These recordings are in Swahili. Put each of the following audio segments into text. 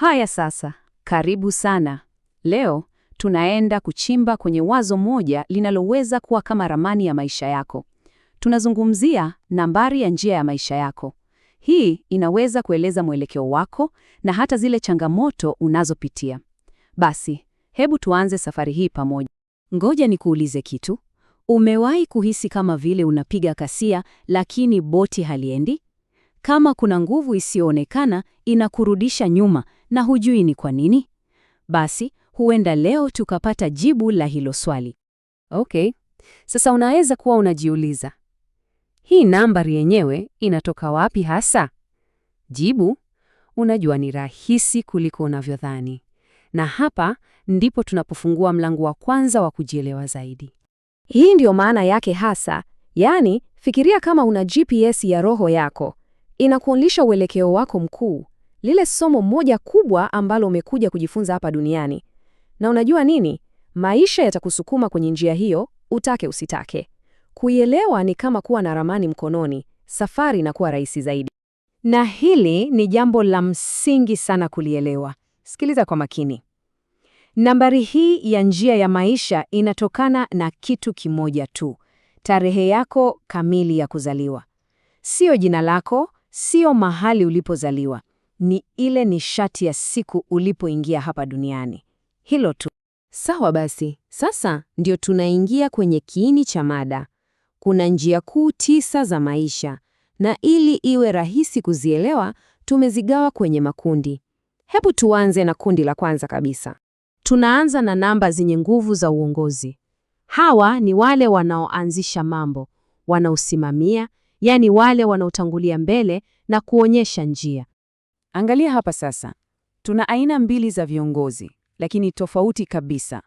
Haya sasa, karibu sana. Leo tunaenda kuchimba kwenye wazo moja linaloweza kuwa kama ramani ya maisha yako. Tunazungumzia nambari ya njia ya maisha yako. Hii inaweza kueleza mwelekeo wako na hata zile changamoto unazopitia. Basi, hebu tuanze safari hii pamoja. Ngoja nikuulize kitu. Umewahi kuhisi kama vile unapiga kasia lakini boti haliendi? Kama kuna nguvu isiyoonekana inakurudisha nyuma na hujui ni kwa nini? Basi huenda leo tukapata jibu la hilo swali. Okay, sasa unaweza kuwa unajiuliza, hii nambari yenyewe inatoka wapi hasa? Jibu, unajua ni rahisi kuliko unavyodhani. Na hapa ndipo tunapofungua mlango wa kwanza wa kujielewa zaidi. Hii ndiyo maana yake hasa, yaani fikiria kama una GPS ya roho yako, inakuonyesha uelekeo wako mkuu, lile somo moja kubwa ambalo umekuja kujifunza hapa duniani. Na unajua nini? Maisha yatakusukuma kwenye njia hiyo, utake usitake. Kuielewa ni kama kuwa na ramani mkononi, safari inakuwa rahisi zaidi. Na hili ni jambo la msingi sana kulielewa. Sikiliza kwa makini. Nambari hii ya njia ya maisha inatokana na kitu kimoja tu, tarehe yako kamili ya kuzaliwa. Sio jina lako, sio mahali ulipozaliwa, ni ile nishati ya siku ulipoingia hapa duniani. Hilo tu. Sawa basi, sasa ndio tunaingia kwenye kiini cha mada. Kuna njia kuu tisa za maisha, na ili iwe rahisi kuzielewa, tumezigawa kwenye makundi. Hebu tuanze na kundi la kwanza kabisa. Tunaanza na namba zenye nguvu za uongozi. Hawa ni wale wanaoanzisha mambo, wanaosimamia, yaani wale wanaotangulia mbele na kuonyesha njia. Angalia hapa sasa, tuna aina mbili za viongozi, lakini tofauti kabisa.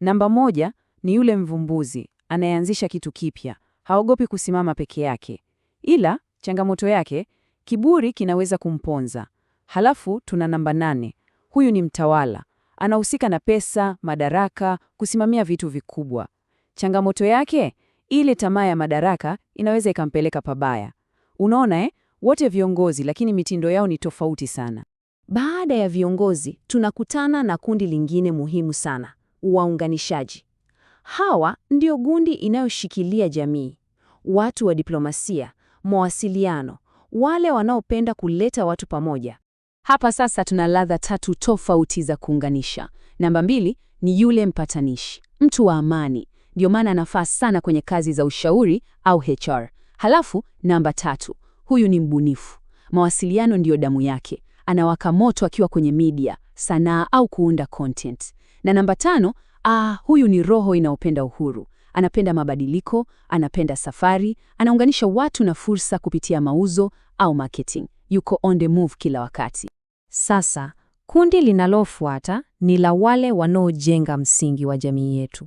Namba moja ni yule mvumbuzi anayeanzisha kitu kipya, haogopi kusimama peke yake. Ila changamoto yake, kiburi kinaweza kumponza. Halafu tuna namba nane. Huyu ni mtawala, anahusika na pesa, madaraka, kusimamia vitu vikubwa. Changamoto yake, ile tamaa ya madaraka inaweza ikampeleka pabaya. Unaona eh? wote viongozi, lakini mitindo yao ni tofauti sana. Baada ya viongozi, tunakutana na kundi lingine muhimu sana, waunganishaji. Hawa ndio gundi inayoshikilia jamii, watu wa diplomasia, mawasiliano, wale wanaopenda kuleta watu pamoja. Hapa sasa tuna ladha tatu tofauti za kuunganisha. Namba mbili ni yule mpatanishi, mtu wa amani, ndio maana anafaa sana kwenye kazi za ushauri au HR. Halafu namba tatu Huyu ni mbunifu, mawasiliano ndiyo damu yake. Anawaka moto akiwa kwenye media, sanaa au kuunda content. Na namba tano, ah, huyu ni roho inaopenda uhuru. Anapenda mabadiliko, anapenda safari, anaunganisha watu na fursa kupitia mauzo au marketing. Yuko on the move kila wakati. Sasa kundi linalofuata ni la wale wanaojenga msingi wa jamii yetu,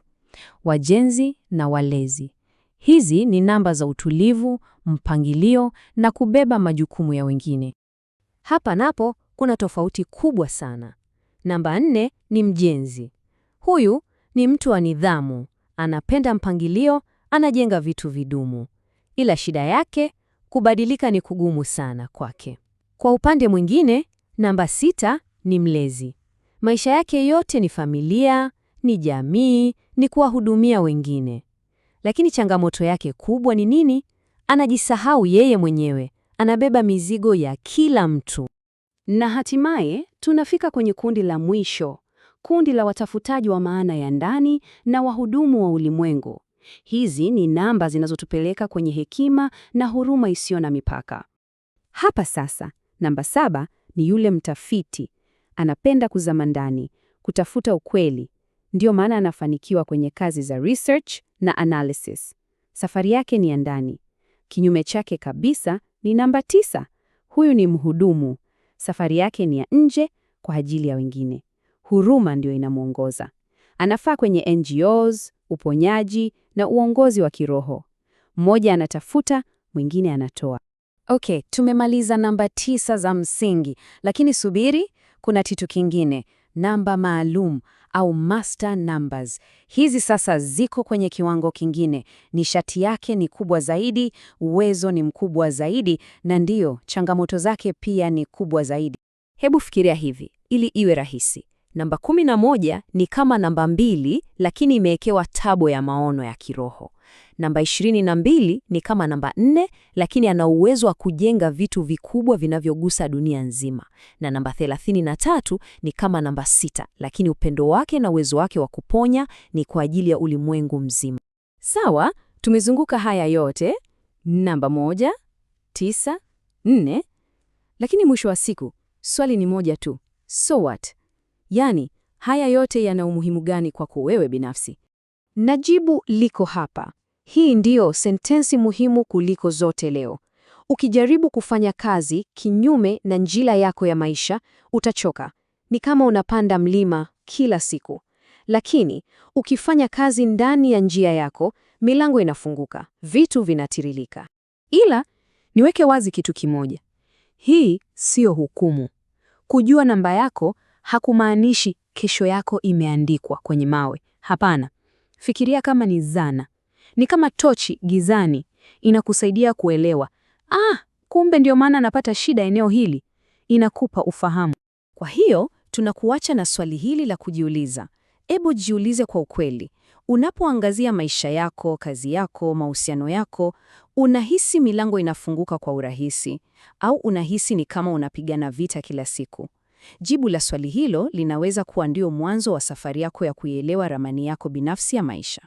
wajenzi na walezi. Hizi ni namba za utulivu, mpangilio na kubeba majukumu ya wengine. Hapa napo kuna tofauti kubwa sana. Namba nne ni mjenzi. Huyu ni mtu wa nidhamu, anapenda mpangilio, anajenga vitu vidumu. Ila shida yake, kubadilika ni kugumu sana kwake. Kwa upande mwingine, namba sita ni mlezi. Maisha yake yote ni familia, ni jamii, ni kuwahudumia wengine. Lakini changamoto yake kubwa ni nini? Anajisahau yeye mwenyewe, anabeba mizigo ya kila mtu. Na hatimaye tunafika kwenye kundi la mwisho, kundi la watafutaji wa maana ya ndani na wahudumu wa ulimwengu. Hizi ni namba zinazotupeleka kwenye hekima na huruma isiyo na mipaka. Hapa sasa, namba saba ni yule mtafiti. Anapenda kuzama ndani, kutafuta ukweli, ndio maana anafanikiwa kwenye kazi za research na analysis. Safari yake ni ya ndani. Kinyume chake kabisa ni namba tisa. Huyu ni mhudumu. Safari yake ni ya nje kwa ajili ya wengine. Huruma ndio inamwongoza. Anafaa kwenye NGOs, uponyaji na uongozi wa kiroho. Mmoja anatafuta, mwingine anatoa. Okay, tumemaliza namba tisa za msingi, lakini subiri, kuna kitu kingine, namba maalum au master numbers. Hizi sasa ziko kwenye kiwango kingine, nishati yake ni kubwa zaidi, uwezo ni mkubwa zaidi, na ndiyo changamoto zake pia ni kubwa zaidi. Hebu fikiria hivi ili iwe rahisi. Namba 11 ni kama namba mbili, lakini imewekewa tabo ya maono ya kiroho. Namba 22 ni kama namba 4, lakini ana uwezo wa kujenga vitu vikubwa vinavyogusa dunia nzima, na namba 33 ni kama namba 6, lakini upendo wake na uwezo wake wa kuponya ni kwa ajili ya ulimwengu mzima. Sawa, tumezunguka haya yote, namba 1, 9, 4, lakini mwisho wa siku swali ni moja tu, so what? Yaani, haya yote yana umuhimu gani kwako wewe binafsi? Najibu liko hapa. Hii ndiyo sentensi muhimu kuliko zote leo. Ukijaribu kufanya kazi kinyume na njila yako ya maisha, utachoka. Ni kama unapanda mlima kila siku. Lakini ukifanya kazi ndani ya njia yako, milango inafunguka, vitu vinatirilika Ila niweke wazi kitu kimoja, hii siyo hukumu. Kujua namba yako hakumaanishi kesho yako imeandikwa kwenye mawe. Hapana, fikiria kama ni zana ni kama tochi gizani, inakusaidia kuelewa, ah, kumbe ndio maana napata shida eneo hili. Inakupa ufahamu. Kwa hiyo tunakuacha na swali hili la kujiuliza. Ebu jiulize kwa ukweli, unapoangazia maisha yako, kazi yako, mahusiano yako, unahisi milango inafunguka kwa urahisi au unahisi ni kama unapigana vita kila siku? Jibu la swali hilo linaweza kuwa ndio mwanzo wa safari yako ya kuielewa ramani yako binafsi ya maisha.